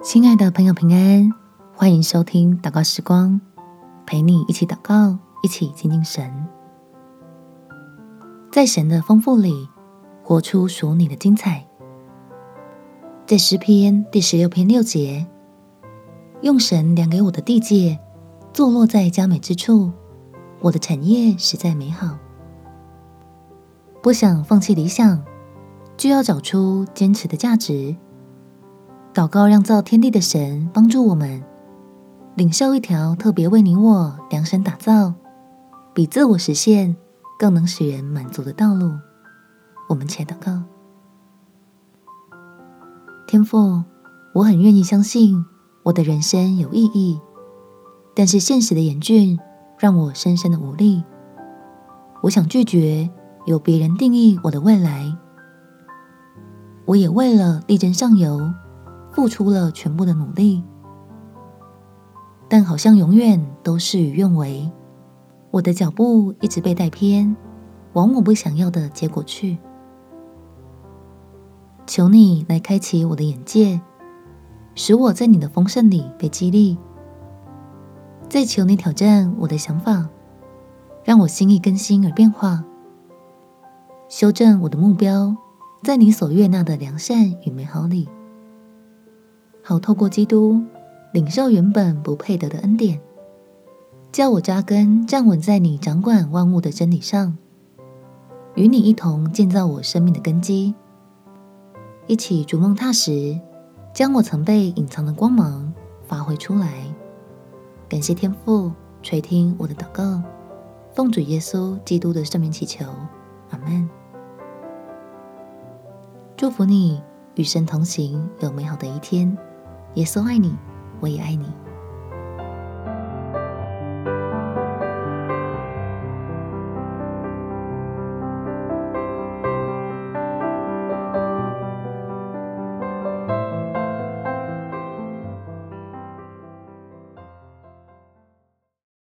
親愛的朋友，平安，歡迎收聽禱告時光，陪你一起禱告，一起親近神，在神的豐富裡活出屬你的精彩。在詩篇第十六篇六節，用神量給我的地界，坐落在佳美之處，我的產業實在美好。不想放棄理想，就要找出堅持的價值。禱告，讓造天地的神幫助我們領受一條特別為你我量身打造、比自我實現更能使人滿足的道路。我們且禱告。天父，我很願意相信我的人生有意義，但是現實的嚴峻讓我深深的無力。我想拒絕由別人定義我的未來。我也為了力爭上游。付出了全部的努力，但好像永遠都事與願違。我的腳步一直被帶偏，往我不想要的結果去。求你來開啟我的眼界，使我在你的豐盛裡被激勵。再求你挑戰我的想法，讓我心意更新而變化，修正我的目標，在你所悅納的良善與美好裡。好，透過基督領受原本不配得的恩典，叫我扎根站穩在你掌管萬物的真理上，與你一同建造我生命的根基，一起逐夢踏實，將我曾被隱藏的光芒發揮出來。感謝天父垂聽我的禱告，奉主耶穌基督的聖名祈求，阿門。祝福你與神同行，有美好的一天。耶穌愛你，我也愛你。